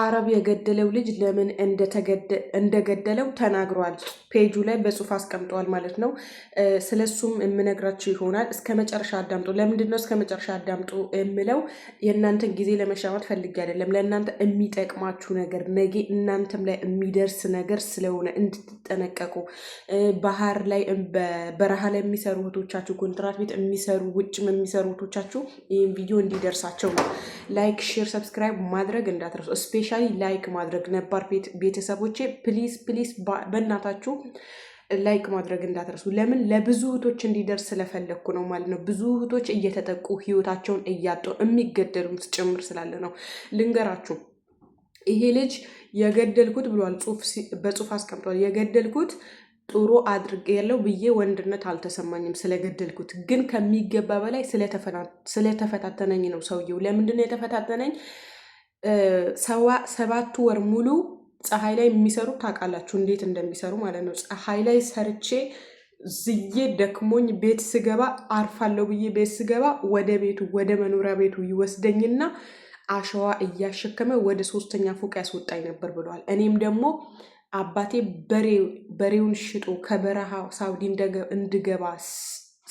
አረብ የገደለው ልጅ ለምን እንደገደለው ተናግሯል። ፔጁ ላይ በጽሁፍ አስቀምጠዋል ማለት ነው። ስለሱም የምነግራችሁ ይሆናል። እስከ መጨረሻ አዳምጡ። ለምንድን ነው እስከ መጨረሻ አዳምጡ የምለው? የእናንተን ጊዜ ለመሻማት ፈልጌ አይደለም። ለእናንተ የሚጠቅማችሁ ነገር ነገ እናንተም ላይ የሚደርስ ነገር ስለሆነ እንድትጠነቀቁ፣ ባህር ላይ በረሃ ላይ የሚሰሩ እህቶቻችሁ፣ ኮንትራት ቤት የሚሰሩ ውጭም የሚሰሩ እህቶቻችሁ ይህን ቪዲዮ እንዲደርሳቸው ነው። ላይክ፣ ሼር፣ ሰብስክራይብ ማድረግ እንዳትረሱ። ስፔሻሊ ላይክ ማድረግ ነባር ቤተሰቦቼ ፕሊዝ ፕሊዝ በእናታችሁ ላይክ ማድረግ እንዳትረሱ። ለምን ለብዙ እህቶች እንዲደርስ ስለፈለግኩ ነው ማለት ነው። ብዙ እህቶች እየተጠቁ ህይወታቸውን እያጡ የሚገደሉት ጭምር ስላለ ነው። ልንገራችሁ፣ ይሄ ልጅ የገደልኩት ብሏል፣ በጽሁፍ አስቀምጧል። የገደልኩት ጥሩ አድርግ ያለው ብዬ ወንድነት አልተሰማኝም ስለገደልኩት፣ ግን ከሚገባ በላይ ስለተፈታተነኝ ነው። ሰውየው ለምንድን ነው የተፈታተነኝ? ሰባት ወር ሙሉ ፀሐይ ላይ የሚሰሩ ታውቃላችሁ እንዴት እንደሚሰሩ ማለት ነው። ፀሐይ ላይ ሰርቼ ዝዬ ደክሞኝ ቤት ስገባ አርፋለሁ ብዬ ቤት ስገባ ወደ ቤቱ ወደ መኖሪያ ቤቱ ይወስደኝና አሸዋ እያሸከመ ወደ ሶስተኛ ፎቅ ያስወጣኝ ነበር ብለዋል። እኔም ደግሞ አባቴ በሬውን ሽጦ ከበረሃ ሳውዲ እንድገባ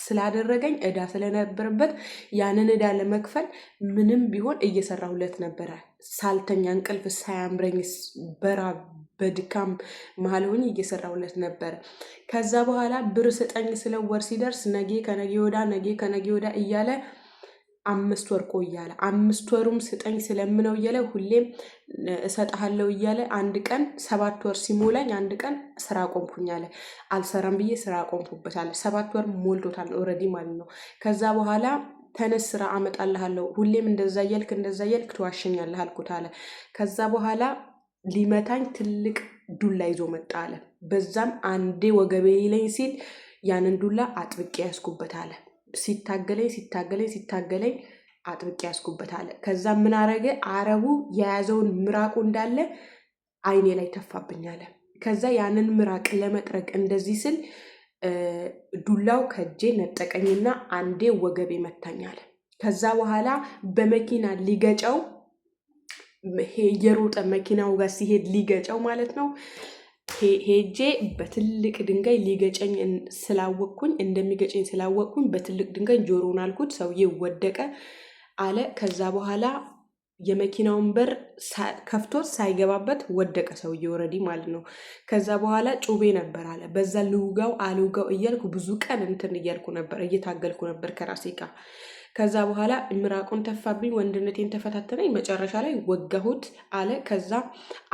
ስላደረገኝ እዳ ስለነበረበት ያንን እዳ ለመክፈል ምንም ቢሆን እየሰራሁለት ነበረ። ሳልተኛ እንቅልፍ ሳያምረኝ በራ በድካም መሀል ሆኜ እየሰራሁለት ነበር። ከዛ በኋላ ብር ስጠኝ ስለው ወር ሲደርስ ነጌ ከነጌ ወዳ ነጌ ከነጌ ወዳ እያለ አምስት ወር ቆያለ። አምስት ወሩም ስጠኝ ስለምነው እያለ ሁሌም እሰጥሃለሁ እያለ አንድ ቀን ሰባት ወር ሲሞላኝ አንድ ቀን ስራ አቆምኩኝ አለ። አልሰራም ብዬ ስራ አቆምኩበታለ። ሰባት ወር ሞልቶታል ኦልሬዲ ማለት ነው። ከዛ በኋላ ተነስ ስራ አመጣልሃለሁ፣ ሁሌም እንደዛ እያልክ እንደዛ እያልክ ትዋሸኛለህ አልኩት አለ። ከዛ በኋላ ሊመታኝ ትልቅ ዱላ ይዞ መጣ አለ። በዛም አንዴ ወገቤ ይለኝ ሲል ያንን ዱላ አጥብቄ ያስኩበት አለ። ሲታገለኝ ሲታገለኝ ሲታገለኝ አጥብቄ ያስኩበት አለ። ከዛ ምን አረገ? አረቡ የያዘውን ምራቁ እንዳለ አይኔ ላይ ተፋብኝ አለ። ከዛ ያንን ምራቅ ለመጥረቅ እንደዚህ ስል ዱላው ከእጄ ነጠቀኝና አንዴ ወገቤ መታኛል። ከዛ በኋላ በመኪና ሊገጨው የሮጠ መኪናው ጋር ሲሄድ ሊገጨው ማለት ነው። ሄጄ በትልቅ ድንጋይ ሊገጨኝ ስላወቅኩኝ እንደሚገጨኝ ስላወቅኩኝ በትልቅ ድንጋይ ጆሮን አልኩት። ሰውዬ ወደቀ አለ። ከዛ በኋላ የመኪናውን በር ከፍቶት ሳይገባበት ወደቀ ሰውዬ ወረዲ ማለት ነው። ከዛ በኋላ ጩቤ ነበር አለ። በዛ ልውጋው አልውጋው እያልኩ ብዙ ቀን እንትን እያልኩ ነበር፣ እየታገልኩ ነበር ከራሴ ጋር። ከዛ በኋላ ምራቁን ተፋብኝ፣ ወንድነቴን ተፈታተነኝ። መጨረሻ ላይ ወጋሁት አለ። ከዛ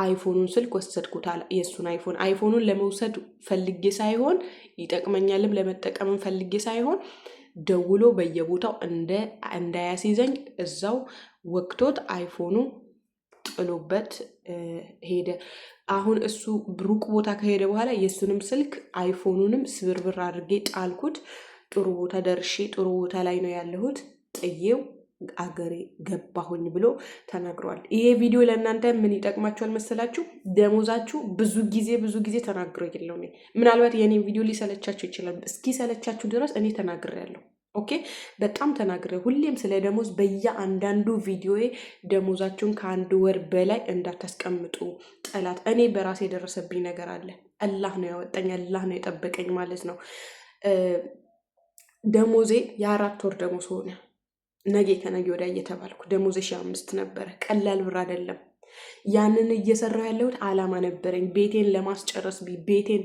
አይፎኑን ስልክ ወሰድኩት አለ። የእሱን አይፎን አይፎኑን ለመውሰድ ፈልጌ ሳይሆን ይጠቅመኛልም ለመጠቀምም ፈልጌ ሳይሆን ደውሎ በየቦታው እንዳያስይዘኝ እዛው ወክቶት አይፎኑ ጥሎበት ሄደ። አሁን እሱ ሩቅ ቦታ ከሄደ በኋላ የእሱንም ስልክ አይፎኑንም ስብርብር አድርጌ ጣልኩት። ጥሩ ቦታ ደርሼ ጥሩ ቦታ ላይ ነው ያለሁት ጥዬው አገሬ ገባሁኝ ብሎ ተናግረዋል። ይሄ ቪዲዮ ለእናንተ ምን ይጠቅማችኋል መሰላችሁ? ደሞዛችሁ ብዙ ጊዜ ብዙ ጊዜ ተናግሮ የለው ምናልባት የእኔ ቪዲዮ ሊሰለቻችሁ ይችላል። እስኪ ሰለቻችሁ ድረስ እኔ ተናግሬያለሁ። ኦኬ በጣም ተናግረ ሁሌም ስለ ደሞዝ በየአንዳንዱ ቪዲዮዬ ደሞዛችሁን ከአንድ ወር በላይ እንዳታስቀምጡ። ጠላት እኔ በራሴ የደረሰብኝ ነገር አለ። አላህ ነው ያወጣኝ፣ አላህ ነው የጠበቀኝ ማለት ነው። ደሞዜ የአራት ወር ደሞዝ ሆነ ነጌ ከነጌ ወዲያ እየተባልኩ ደሞዜ ሺህ አምስት ነበረ። ቀላል ብር አይደለም። ያንን እየሰራው ያለሁት አላማ ነበረኝ። ቤቴን ለማስጨረስ ቤቴን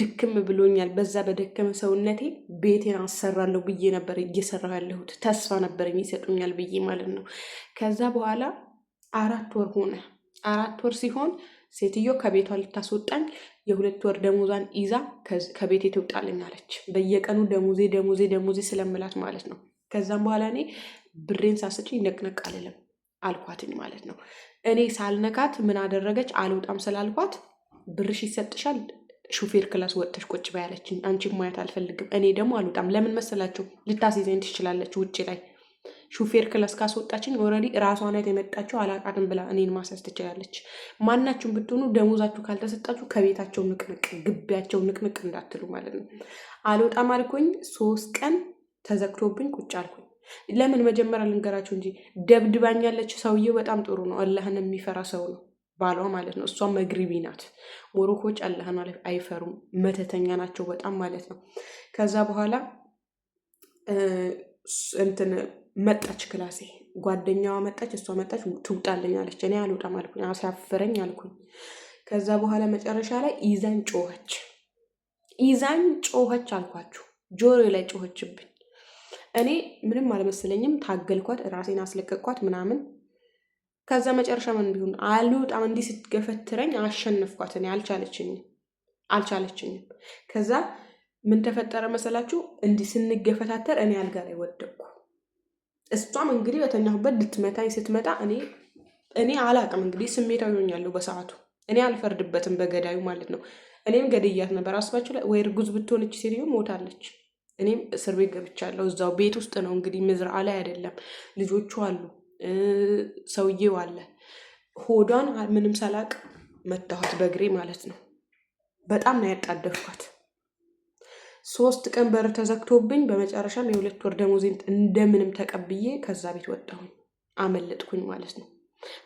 ድክም ብሎኛል፣ በዛ በደከመ ሰውነቴ ቤቴን አሰራለሁ ብዬ ነበር እየሰራው ያለሁት። ተስፋ ነበረኝ ይሰጡኛል ብዬ ማለት ነው። ከዛ በኋላ አራት ወር ሆነ። አራት ወር ሲሆን ሴትዮ ከቤቷ ልታስወጣኝ የሁለት ወር ደሞዟን ይዛ ከቤቴ ትውጣልኝ አለች። በየቀኑ ደሞዜ ደሞዜ ደሞዜ ስለምላት ማለት ነው። ከዛም በኋላ እኔ ብሬን ሳስጭኝ ነቅነቅ አልልም። አልኳትኝ ማለት ነው። እኔ ሳልነካት ምን አደረገች? አልወጣም ስላልኳት ብርሽ ይሰጥሻል ሹፌር ክላስ ወጥተሽ ቁጭ በያለችኝ። አንቺ ማየት አልፈልግም። እኔ ደግሞ አልወጣም። ለምን መሰላችሁ? ልታስይዘኝ ትችላለች ውጭ ላይ ሹፌር ክላስ ካስወጣችን ኦልሬዲ ራሷ ናት የመጣችው፣ አላቃትም ብላ እኔን ማሰር ትችላለች። ማናችሁም ብትሆኑ ደሞዛችሁ ካልተሰጣችሁ ከቤታቸው ንቅንቅ፣ ግቢያቸው ንቅንቅ እንዳትሉ ማለት ነው። አልወጣም አልኩኝ። ሶስት ቀን ተዘግቶብኝ ቁጭ አልኩኝ። ለምን መጀመሪያ ልንገራቸው እንጂ ደብድባኛለች። ሰውዬው በጣም ጥሩ ነው፣ አላህን የሚፈራ ሰው ነው ባሏ ማለት ነው። እሷ መግሪቢ ናት። ሞሮኮች አላህን አይፈሩም፣ መተተኛ ናቸው በጣም ማለት ነው። ከዛ በኋላ እንትን መጣች ክላሴ ጓደኛዋ መጣች፣ እሷ መጣች። ትውጣልኝ አለች። እኔ አልወጣም አልኩኝ፣ አሳፍረኝ አልኩኝ። ከዛ በኋላ መጨረሻ ላይ ይዛኝ ጮኸች፣ ይዛኝ ጮኸች አልኳችሁ፣ ጆሮ ላይ ጮኸችብኝ። እኔ ምንም አልመስለኝም። ታገልኳት፣ ራሴን አስለቀቅኳት ምናምን። ከዛ መጨረሻ ምን ቢሆን አልወጣም፣ እንዲህ ስትገፈትረኝ አሸነፍኳት። እኔ አልቻለችኝም አልቻለችኝም። ከዛ ምን ተፈጠረ መሰላችሁ? እንዲህ ስንገፈታተር እኔ አልጋ ላይ ወደቅኩ። እሷም እንግዲህ በተኛሁበት ልትመታኝ ስትመጣ እኔ እኔ አላቅም እንግዲህ ስሜታዊ ሆኛለሁ በሰዓቱ። እኔ አልፈርድበትም በገዳዩ ማለት ነው። እኔም ገድያት ነበር። አስባችሁ ላይ ወይ እርጉዝ ብትሆንች ሴትዮ ሞታለች። እኔም እስር ቤት ገብቻለሁ። እዛው ቤት ውስጥ ነው እንግዲህ ምዝራ ላይ አይደለም። ልጆቹ አሉ፣ ሰውዬው አለ። ሆዷን ምንም ሰላቅ መታኋት በእግሬ ማለት ነው። በጣም ነው ያጣደፍኳት። ሶስት ቀን በር ተዘግቶብኝ በመጨረሻም የሁለት ወር ደሞዜን እንደምንም ተቀብዬ ከዛ ቤት ወጣሁኝ። አመለጥኩኝ ማለት ነው።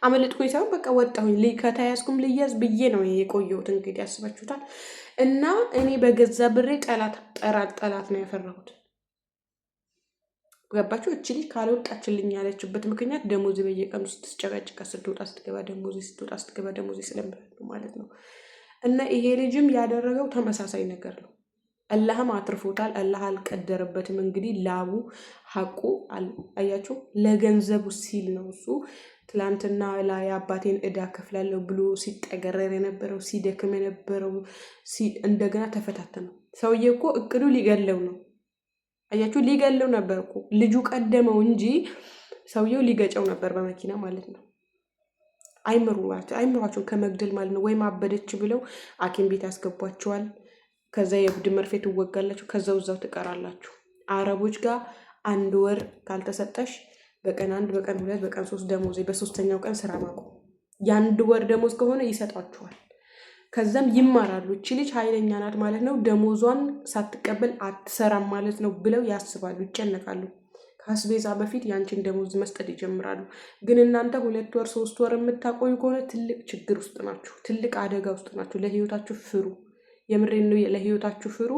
አመለጥኩኝ ሳይሆን በቃ ወጣሁኝ። ከተያዝኩም ልያዝ ብዬ ነው ይሄ የቆየሁት። እንግዲህ ያስባችሁታል። እና እኔ በገዛ ብሬ ጠላት ጠራት ጠላት ነው ያፈራሁት። ገባችሁ? እች ልጅ ካልወጣችልኝ ያለችበት ምክንያት ደሞዜ በየቀኑ ስትጨቃጭቃ ስትወጣ ስትገባ፣ ደሞዜ ስትወጣ ስትገባ፣ ደሞዜ ስለምበሉ ማለት ነው። እና ይሄ ልጅም ያደረገው ተመሳሳይ ነገር ነው። አላህም አትርፎታል። አላህ አልቀደረበትም። እንግዲህ ላቡ ሀቁ አያችሁ፣ ለገንዘቡ ሲል ነው እሱ ትላንትና ላይ አባቴን እዳ ከፍላለሁ ብሎ ሲጠገረር የነበረው ሲደክም የነበረው እንደገና ተፈታተነው። ሰውዬ እኮ እቅዱ ሊገለው ነው። አያችሁ ሊገለው ነበር እኮ ልጁ ቀደመው እንጂ ሰውየው ሊገጨው ነበር በመኪና ማለት ነው። አይምሯቸውን ከመግደል ማለት ነው። ወይም አበደች ብለው ሐኪም ቤት ያስገቧቸዋል። ከዛ የቡድን መርፌ ትወጋላችሁ፣ ከዛው እዛው ትቀራላችሁ። አረቦች ጋር አንድ ወር ካልተሰጠሽ በቀን አንድ በቀን ሁለት በቀን ሶስት ደሞዝ፣ በሶስተኛው ቀን ስራ ማቆ የአንድ ወር ደሞዝ ከሆነ ይሰጣችኋል። ከዛም ይማራሉ። እቺ ልጅ ኃይለኛ ናት ማለት ነው፣ ደሞዟን ሳትቀበል አትሰራም ማለት ነው ብለው ያስባሉ፣ ይጨነቃሉ። ከአስቤዛ በፊት ያንቺን ደሞዝ መስጠት ይጀምራሉ። ግን እናንተ ሁለት ወር ሶስት ወር የምታቆዩ ከሆነ ትልቅ ችግር ውስጥ ናችሁ፣ ትልቅ አደጋ ውስጥ ናችሁ። ለህይወታችሁ ፍሩ። የምሬን ነው። ለህይወታችሁ ፍሩ።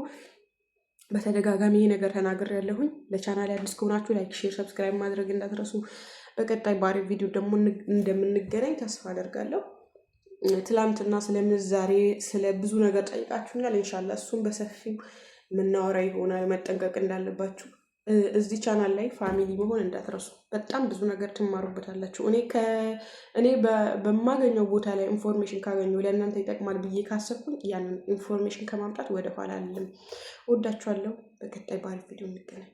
በተደጋጋሚ ይሄ ነገር ተናገር ያለሁኝ። ለቻናል አዲስ ከሆናችሁ ላይክ፣ ሼር፣ ሰብስክራይብ ማድረግ እንዳትረሱ። በቀጣይ ባሪፍ ቪዲዮ ደግሞ እንደምንገናኝ ተስፋ አደርጋለሁ። ትላንትና ስለምንዛሬ ስለ ብዙ ነገር ጠይቃችሁኛል። እንሻላ እሱም በሰፊው የምናወራ ይሆናል። መጠንቀቅ እንዳለባችሁ እዚህ ቻናል ላይ ፋሚሊ መሆን እንዳትረሱ። በጣም ብዙ ነገር ትማሩበታላችሁ። እኔ እኔ በማገኘው ቦታ ላይ ኢንፎርሜሽን ካገኘው ለእናንተ ይጠቅማል ብዬ ካሰብኩኝ ያንን ኢንፎርሜሽን ከማምጣት ወደኋላ አልልም። ወዳችኋለሁ። በቀጣይ ባሪፍ ቪዲዮ እንገናኝ።